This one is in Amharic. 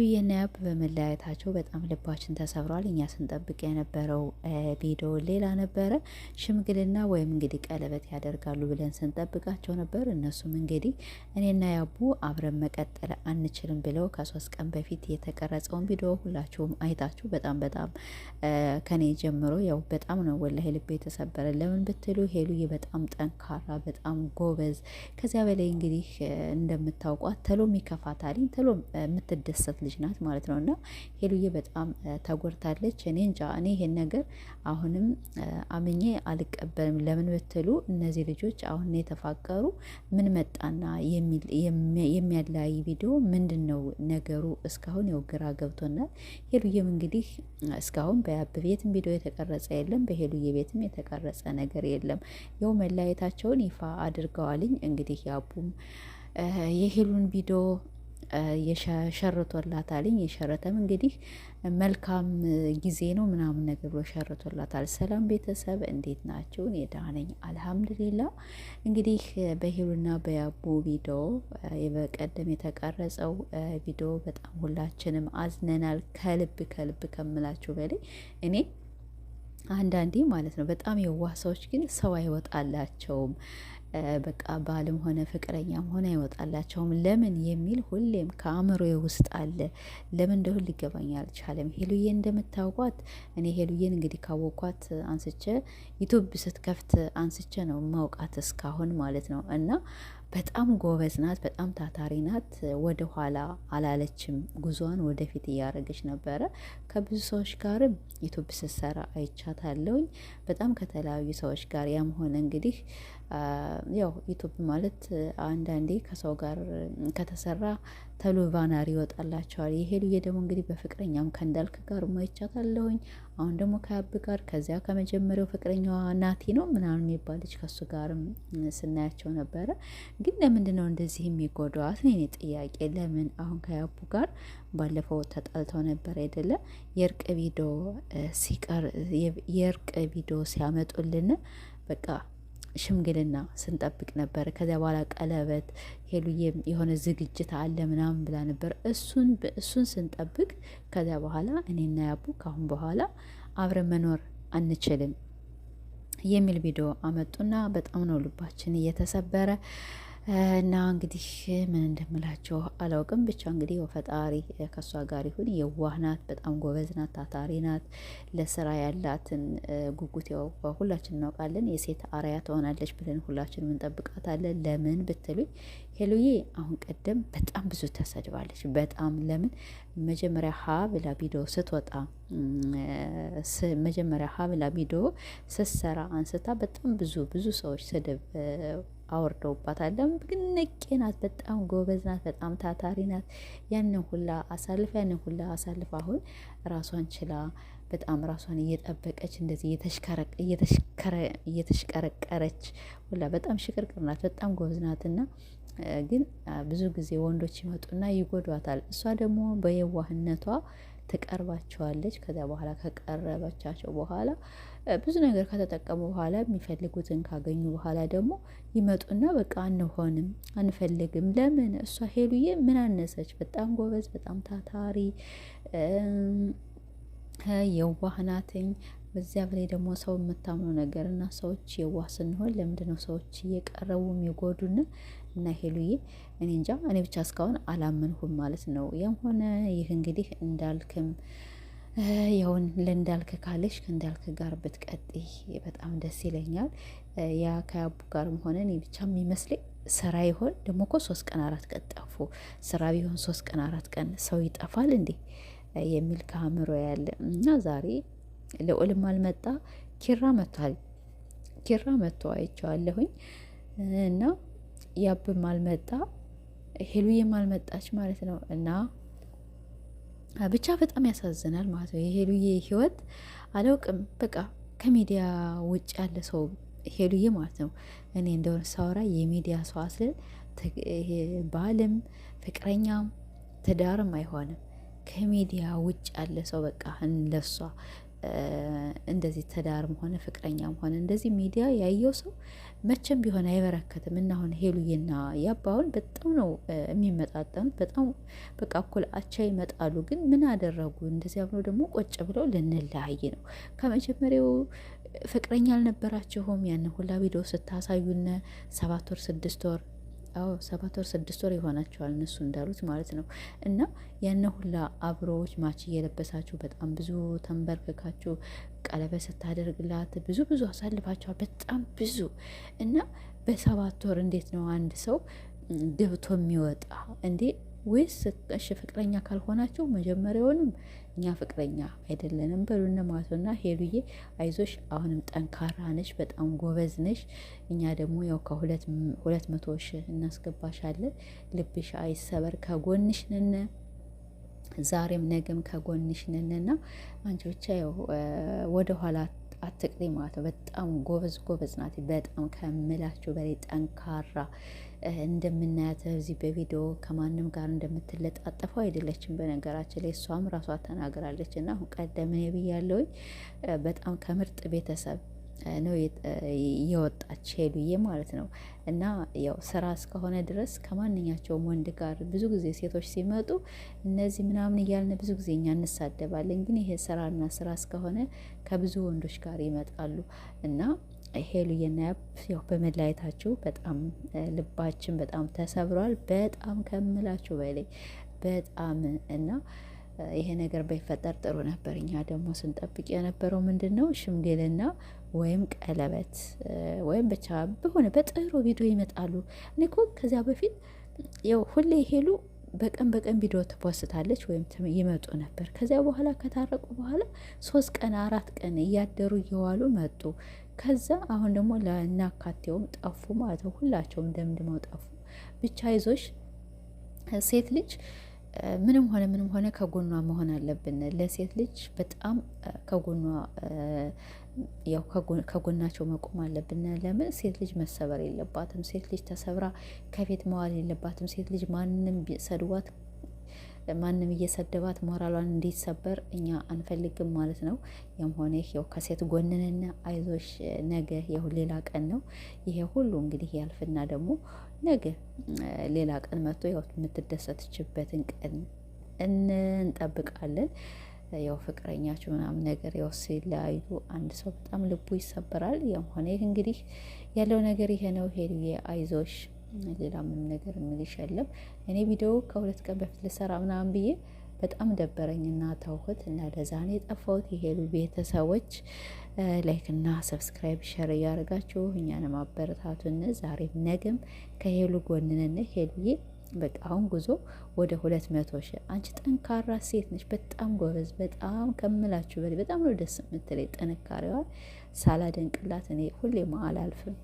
ሀይሚዬና ያብ በመለያየታቸው በጣም ልባችን ተሰብሯል። እኛ ስንጠብቅ የነበረው ቪዲዮ ሌላ ነበረ። ሽምግልና ወይም እንግዲህ ቀለበት ያደርጋሉ ብለን ስንጠብቃቸው ነበር። እነሱም እንግዲህ እኔና ያቡ አብረን መቀጠል አንችልም ብለው ከሶስት ቀን በፊት የተቀረጸውን ቪዲዮ ሁላችሁም አይታችሁ በጣም በጣም ከኔ ጀምሮ ያው በጣም ነው ወላሂ ልቤ የተሰበረ። ለምን ብትሉ ሄሉዬ በጣም ጠንካራ፣ በጣም ጎበዝ፣ ከዚያ በላይ እንግዲህ እንደምታውቋት ተሎ ይከፋታል ተሎ የምትደሰት ልጅ ናት ማለት ነው። እና ሄሉዬ በጣም ተጎድታለች። እኔ እንጃ እኔ ይሄን ነገር አሁንም አምኜ አልቀበልም። ለምን ብትሉ እነዚህ ልጆች አሁን የተፋቀሩ ምን መጣና የሚያለያይ ቪዲዮ ምንድን ነው ነገሩ? እስካሁን ያው ግራ ገብቶናል። ሄሉዬም እንግዲህ እስካሁን በያብ ቤትም ቪዲዮ የተቀረጸ የለም፣ በሄሉዬ ቤትም የተቀረጸ ነገር የለም። ያው መለያየታቸውን ይፋ አድርገዋልኝ እንግዲህ ያቡም የሄሉን ቪዲዮ ሸርቶላታልኝ የሸረተም እንግዲህ መልካም ጊዜ ነው ምናምን ነገር ብሎ ሸርቶላታል። ሰላም ቤተሰብ እንዴት ናቸው? እኔ ደህና ነኝ አልሐምዱሊላ። እንግዲህ በሂሩና በያቡ ቪዲዮ በቀደም የተቀረጸው ቪዲዮ በጣም ሁላችንም አዝነናል። ከልብ ከልብ ከምላችሁ በላይ እኔ አንዳንዴ ማለት ነው። በጣም የዋህ ሰዎች ግን ሰው አይወጣላቸውም። በቃ ባልም ሆነ ፍቅረኛም ሆነ አይወጣላቸውም። ለምን የሚል ሁሌም ከአእምሮ ውስጥ አለ። ለምን እንደሁን ሊገባኝ አልቻለም። ሄሉዬ እንደምታውቋት እኔ ሄሉዬን እንግዲህ ካወኳት አንስቼ ዩቱብ ስትከፍት አንስቼ ነው ማውቃት እስካሁን ማለት ነው እና በጣም ጎበዝ ናት፣ በጣም ታታሪ ናት። ወደ ኋላ አላለችም፣ ጉዞዋን ወደፊት እያደረገች ነበረ። ከብዙ ሰዎች ጋርም ዩቱብ ስትሰራ አይቻታለሁኝ በጣም ከተለያዩ ሰዎች ጋር ያም ሆነ እንግዲህ ያው ዩቱብ ማለት አንዳንዴ ከሰው ጋር ከተሰራ ተሎ ባናር ይወጣላቸዋል። ልዬ ደግሞ እንግዲህ በፍቅረኛም ከእንዳልክ ጋር ማይቻታለሁኝ። አሁን ደግሞ ከያብ ጋር ከዚያ ከመጀመሪያው ፍቅረኛዋ ናቲ ነው ምናምን የሚባለች ከሱ ጋርም ስናያቸው ነበረ። ግን ለምንድን ነው እንደዚህ የሚጎዳዋት ነው ጥያቄ። ለምን አሁን ከያቡ ጋር ባለፈው ተጣልተው ነበር አይደለ? የእርቅ ቪዲዮ ሲቀር የእርቅ ቪዲዮ ሲያመጡልን በቃ ሽምግልና ስንጠብቅ ነበር። ከዚያ በኋላ ቀለበት ሄሉዬም የሆነ ዝግጅት አለ ምናምን ብላ ነበር። እሱን እሱን ስንጠብቅ ከዚያ በኋላ እኔና ያቡ ካሁን በኋላ አብረን መኖር አንችልም የሚል ቪዲዮ አመጡና በጣም ነው ልባችን እየተሰበረ እና እንግዲህ ምን እንደምላቸው አላውቅም። ብቻ እንግዲህ ፈጣሪ ከእሷ ጋር ይሁን። የዋህ ናት፣ በጣም ጎበዝ ናት፣ ታታሪ ናት። ለስራ ያላትን ጉጉት ያውቋ ሁላችን እናውቃለን። የሴት አርያ ትሆናለች ብለን ሁላችንም እንጠብቃታለን። ለምን ብትሉኝ ሄሉዬ አሁን ቀደም በጣም ብዙ ተሰድባለች። በጣም ለምን መጀመሪያ ሀ ብላ ቪዲዮ ስትወጣ መጀመሪያ ሀ ብላ ቪዲዮ ስትሰራ አንስታ በጣም ብዙ ብዙ ሰዎች ስድብ አወርደውባታል። ለምን ግን ነቄ ናት፣ በጣም ጎበዝ ናት፣ በጣም ታታሪ ናት። ያንን ሁላ አሳልፍ ያንን ሁላ አሳልፍ አሁን ራሷን ችላ በጣም ራሷን እየጠበቀች እንደዚህ እየተሽቀረቀረች ሁላ በጣም ሽቅርቅር ናት፣ በጣም ጎበዝ ናት እና ግን ብዙ ጊዜ ወንዶች ይመጡና ይጎዷታል። እሷ ደግሞ በየዋህነቷ ትቀርባቸዋለች። ከዚያ በኋላ ከቀረበቻቸው በኋላ ብዙ ነገር ከተጠቀሙ በኋላ የሚፈልጉትን ካገኙ በኋላ ደግሞ ይመጡና በቃ አንሆንም፣ አንፈልግም። ለምን እሷ ሄሉዬ ምን አነሰች? በጣም ጎበዝ፣ በጣም ታታሪ የዋህ ናትኝ። በዚያ በላይ ደግሞ ሰው የምታምነው ነገር እና ሰዎች የዋህ ስንሆን ለምንድን ሰዎች እየቀረቡ የሚጎዱና እና ሄሉዬ እኔ እንጃ እኔ ብቻ እስካሁን አላመንሁም ማለት ነው። ያም ሆነ ይህ እንግዲህ እንዳልክም ያውን ለእንዳልክ ካለሽ ከእንዳልክ ጋር ብትቀጥይ በጣም ደስ ይለኛል። ያ ከያቡ ጋርም ሆነ እኔ ብቻ የሚመስለኝ ስራ ይሆን ደግሞ እኮ ሶስት ቀን አራት ቀን ጠፉ። ስራ ቢሆን ሶስት ቀን አራት ቀን ሰው ይጠፋል እንዴ የሚል ከአእምሮ ያለ እና ዛሬ ልዑልም አልመጣ ኪራ መጥቷል። ኪራ መጥቶ አይቼዋለሁኝ እና ያብም አልመጣ ሄሉዬም አልመጣች ማለት ነው እና ብቻ በጣም ያሳዝናል ማለት ነው። የሄሉዬ ህይወት አላውቅም። በቃ ከሚዲያ ውጭ ያለ ሰው ሄሉዬ ማለት ነው። እኔ እንደሆነ ሳወራ የሚዲያ ሰው አስልል ባልም ፍቅረኛም ትዳርም አይሆንም። ከሚዲያ ውጭ ያለ ሰው በቃ ለሷ እንደዚህ ትዳርም ሆነ ፍቅረኛም ሆነ እንደዚህ ሚዲያ ያየው ሰው መቼም ቢሆን አይበረከትም። እና አሁን ሄሉዬና ያባውን በጣም ነው የሚመጣጠኑት። በጣም በቃ እኩል አቻ ይመጣሉ። ግን ምን አደረጉ? እንደዚያ ብሎ ደግሞ ቆጭ ብለው ልንለያይ ነው። ከመጀመሪያው ፍቅረኛ አልነበራችሁም? ያን ሁላ ቪዲዮ ስታሳዩነ ሰባት ወር ስድስት ወር አዎ ሰባት ወር ስድስት ወር ይሆናቸዋል እነሱ እንዳሉት ማለት ነው። እና ያን ሁላ አብሮዎች ማች እየለበሳችሁ በጣም ብዙ ተንበርክካችሁ ቀለበት ስታደርግላት ብዙ ብዙ አሳልፋችኋል። በጣም ብዙ እና በሰባት ወር እንዴት ነው አንድ ሰው ገብቶ የሚወጣ እንዴ? ወይስ እሺ ፍቅረኛ ካልሆናችሁ መጀመሪያውንም እኛ ፍቅረኛ አይደለንም በሉን ማለት ነው። እና ሄሉዬ አይዞሽ፣ አሁንም ጠንካራ ነሽ፣ በጣም ጎበዝ ነሽ። እኛ ደግሞ ያው ከሁለት መቶ ሺህ እናስገባሻለን። ልብሽ አይሰበር፣ ከጎንሽ ነን። ዛሬም ነገም ከጎንሽ ነንና አንቺ ብቻ ያው ወደኋላ አትቅሪ ማለት ነው። በጣም ጎበዝ ጎበዝ ናት። በጣም ከምላችሁ በላይ ጠንካራ እንደምናያት እዚህ በቪዲዮ ከማንም ጋር እንደምትለጣጠፈው አይደለችም። በነገራችን ላይ እሷም ራሷ ተናግራለች እና አሁን ቀደም ብያለሁኝ በጣም ከምርጥ ቤተሰብ ነው የወጣች ሄዱዬ ማለት ነው። እና ያው ስራ እስከሆነ ድረስ ከማንኛቸውም ወንድ ጋር ብዙ ጊዜ ሴቶች ሲመጡ እነዚህ ምናምን እያልን ብዙ ጊዜ እኛ እንሳደባለን። ግን ይሄ ስራና ስራ እስከሆነ ከብዙ ወንዶች ጋር ይመጣሉ እና ሄሉዬና ያው በመለያየታችሁ በጣም ልባችን በጣም ተሰብሯል። በጣም ከምላችሁ በላይ በጣም እና ይሄ ነገር ባይፈጠር ጥሩ ነበር። እኛ ደግሞ ስንጠብቅ የነበረው ምንድን ነው? ሽምግልና ወይም ቀለበት ወይም ብቻ በሆነ በጥሩ ቪዲዮ ይመጣሉ። እኔ እኮ ከዚያ በፊት ያው ሁሌ ሄሉ በቀን በቀን ቪዲዮ ትፖስታለች ወይም ይመጡ ነበር። ከዚያ በኋላ ከታረቁ በኋላ ሶስት ቀን አራት ቀን እያደሩ እየዋሉ መጡ። ከዛ አሁን ደግሞ ለናካቴውም ጠፉ ማለት ነው። ሁላቸውም ደምድመው ጠፉ። ብቻ ይዞሽ ሴት ልጅ ምንም ሆነ ምንም ሆነ ከጎኗ መሆን አለብን። ለሴት ልጅ በጣም ከጎኗ ያው ከጎናቸው መቆም አለብን። ለምን ሴት ልጅ መሰበር የለባትም። ሴት ልጅ ተሰብራ ከቤት መዋል የለባትም። ሴት ልጅ ማንም ሰድዋት ማንም እየሰደባት ሞራሏን እንዲሰበር እኛ አንፈልግም ማለት ነው። ያም ሆነ ይኸው ከሴት ጎንንና አይዞሽ ነገ ያው ሌላ ቀን ነው። ይሄ ሁሉ እንግዲህ ያልፍና ደግሞ ነገ ሌላ ቀን መጥቶ ያው የምትደሰትችበትን ቀን እንጠብቃለን። ያው ፍቅረኛችሁ ምናምን ነገር ያው ሲለያዩ አንድ ሰው በጣም ልቡ ይሰበራል። ያም ሆነ ይህ እንግዲህ ያለው ነገር ይሄ ነው። ሄድዬ አይዞሽ ሌላ ምንም ነገር የምልሽ የለም። እኔ ቪዲዮ ከሁለት ቀን በፊት ልሰራ ምናምን ብዬ በጣም ደበረኝና ታውኩት እና ለዛ ነው የጠፋሁት። የሄሉ ቤተሰቦች ላይክና ሰብስክራይብ ሸር እያደረጋችሁ እኛንም አበረታቱን። ዛሬም ነገም ከሄሉ ጎንነን። ሄሉዬ በቃ አሁን ጉዞ ወደ ሁለት መቶ ሺ። አንቺ ጠንካራ ሴት ነች፣ በጣም ጎበዝ፣ በጣም ከምላችሁ በላይ በጣም ነው ደስ የምትለኝ ጥንካሬዋ። ሳላደንቅላት እኔ ሁሌ ማአል አልፍም።